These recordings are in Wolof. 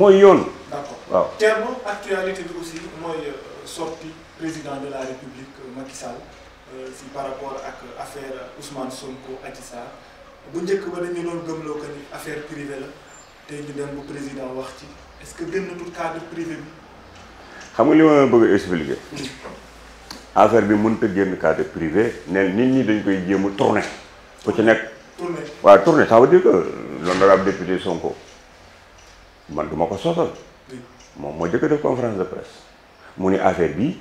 mooy yoon. d'accord terme actualité aussi moi, euh, sorti président de la république euh, Macky Sall euh, si par rapport à affaire Ousmane Sonko adissa vous bu que vous dañu non gëmloo ko ni affaire privée la tey ñu dem bu président wax ci est-ce que gën na tout cadre privé bi. xam nga li ma bëgg expliquer. affaire bi mënut a génn cadre privé ne nit ñi dañ koy jëm tourner ko ci nek tourner wa tourner ça veut dire que l'honorable député Sonko. man du ma ko sosal moom moo jëkk def conférence de presse mu ni affaire bi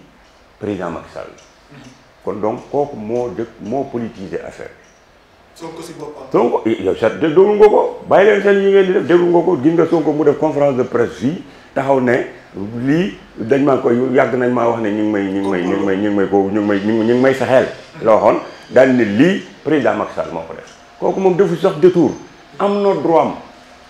président Macky Sall mhm. kon donc kooku moo jëkk moo politiser affaire bi Sonko si boppam Sonko yow sa déglu nga ko bàyyi leen seen yi def ko gis nga Sonko mu def de presse fii taxaw ne lii dañ maa koy yàgg nañ maa wax ne ñu ngi ñu may ñu may ñu may ko ñu ngi may ñu ngi may sa xel la waxoon président Macky Sall moo def kooku moom defu sax détour am na droit am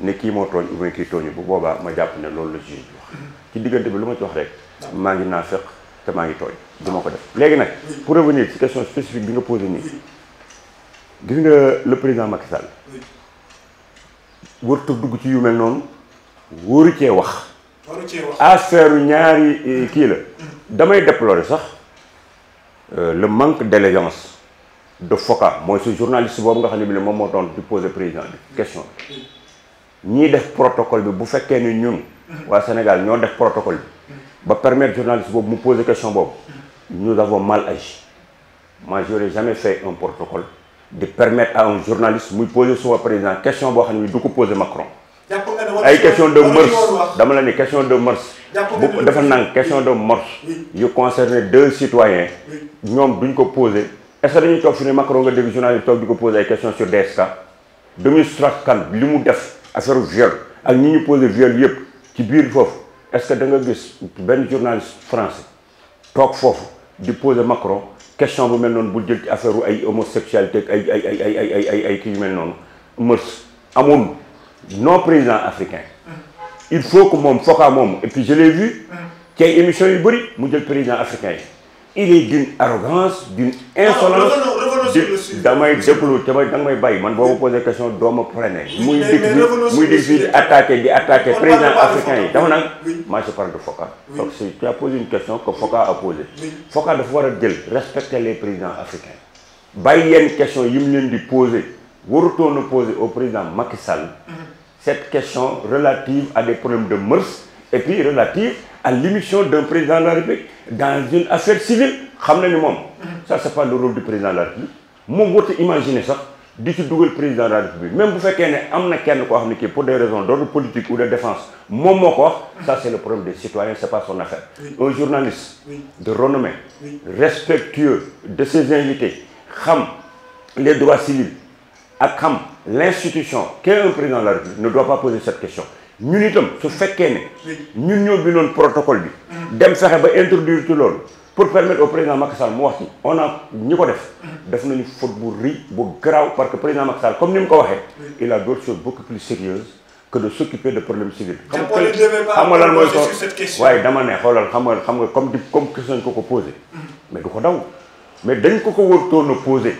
ne ki mo tooñ ou ki kii bu boba ma japp ne loolu la juge bi wax ci digënté bi luma ci wax rek ma ngi naa feq te maa ngi tooñ duma ko def légui nak pour revenir ci question spécifique bi nga poser ni gis nga le président Macky Sall wurtu a dugg ci yu mel non wóoru ci wax affaire ñaari eh, ki la damay déplorer sax euh, le manque d'élégance de Foka moy ce journaliste bobu nga xamni ne mo ne moom di poser président question ni def protocole bi bu fekkee ni ñun au Sénégal ñoo def protocole bi ba permettre journaliste boobu mu poser des questions. nous avons mal agi moi n'aurais jamais fait un protocole de permettre à un journaliste me poser suma président question boo xam ne du ko poser Macron ay question de mœurs dama la ni question de mœurs y a question de mœurs yu concerne deux citoyens ñoom duñ ko poser est-ce que dañuy toog Macron nga dégg journaliste toog a poser ay question sur DSK Demis Strauss-Kahn li mu def affaire viol ak ñi ñu posé viol qui ci biir est-ce que da nga gis journaliste français qui parle di posé Macron question bu mel non bu jël ci affaire homosexualité ay ay ay ay ay ay ay non président africain il faut que moom à mon. et puis je l'ai vu ci a émission yu bëri mu jël président africain il est d'une arrogance d'une insolence je vais vous te question ma attaqué président africain je parle de Foka tu as posé une question que Foka a posée Foka dafa respecter les présidents africains Il y question une question qui di poser warutoon poser au président Macky Sall mhm. cette question relative à des problèmes de mœurs et puis relative à l'émission d'un président de la République dans une affaire civile. Mhm. Ça, ce n'est pas le rôle du président de la République. Vous imaginez ça, sax di ci le président de la république même si vous ne am pour des raisons d'ordre politique ou de défense mon mot, ça c'est le problème des citoyens n'est pas son affaire un journaliste de renommée respectueux de ses invités xam les droits civils qui xam l'institution qu'est un président de la république ne doit pas poser cette question Nous sommes su fekkee ne ñun le protocole bi mm. dem nous ba introduire tout pour permettre au président Macky Sall mu wax ci on a ñi ko def def nañu faute bu rëy bu garaaw parce que président Macky Sall comme nous mu ko il a d'autres choses beaucoup plus sérieuses que de s'occuper de problèmes civils xam nga lan mooy soo waaye dama ne xoolal xam nga xam nga comme di comme question ko ko poser. mais du ko daw mais dañ ko ko warutoon poser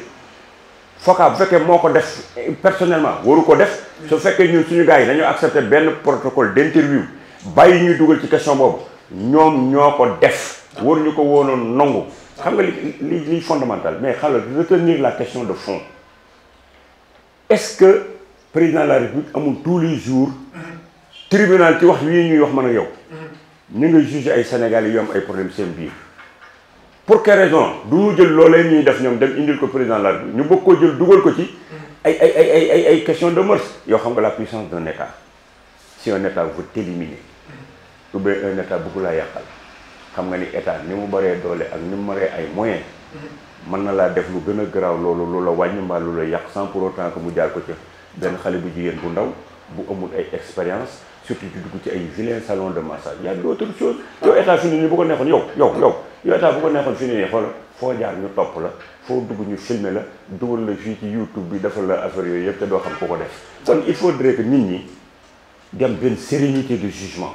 faut Foka bu fekkee moo ko def personnellement waru ko def su fekkee ñun suñu gars nous dañoo accepté le protocole d'interview bàyyi ñuy dugal ci question bob Nous, nous ko def war ñu ko woonoon nangu xam nga li li fondamental mais xala retenir la question de fond est-ce que le président de la république amul tous les jours le tribunal ci wax yii ñuy wax man ak yow ñu ngi juger ay sénégalais yu am ay problème de biir pour quelle raison du ñu jël que ñuy def fait dem indil ko président de la république ñu bëgg koo jël dugal ko ci ay ay ay ay de mort. yoo xam la puissance d'un état si un état veut t'éliminer ou bien un état bëgg la yàqal xam nga ni état ni mu baree doole ak ni mu baree ay moyens mën na laa def lu gën a garaaw loolu lu la wàññi mbaa lu la yàq sans pour autant que mu jaar ko ci benn xale bu jigéen bu ndaw bu amul ay expérience surtout di dugg ci ay vilain salon de massage y a d'autres choses yow état fi ni bu ko neexoon yow yow yow yow état bu ko neexoon fi nii xoolal foo jaar ñu topp la foo dugg ñu filmer la dugal la fii ci YouTube bi defal la affaire yooyu yëpp te doo xam ku ko def kon il faudrait que nit ñi dem benn sérénité de jugement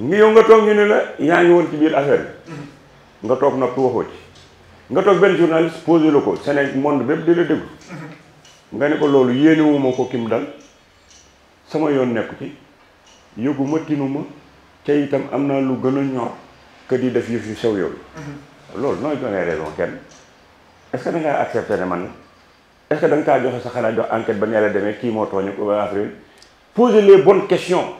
ngi yow nga toog ñu la yaa ngi woon ci biir affaire nga toog noppi waxoo ci nga toog benn journaliste posé la ko Sénégal monde bépp di la déglu nga ne ko loolu yéenewuma ko kim dal sama yoon nekku ci yëguma tinuma ca itam am na lu gën a ñor que di def yëf yu sew yooyu loolu nooy joxee raison kenn est-ce que ne man la est-ce que da kaa joxe sa xalaat jox enquête ba ne la demee kii moo tooñu ko ba avril poser les bonnes question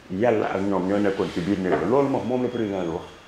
yàlla ak ñoom ñoo nekkoon ci biir néeg loolu moom moom la président bi wax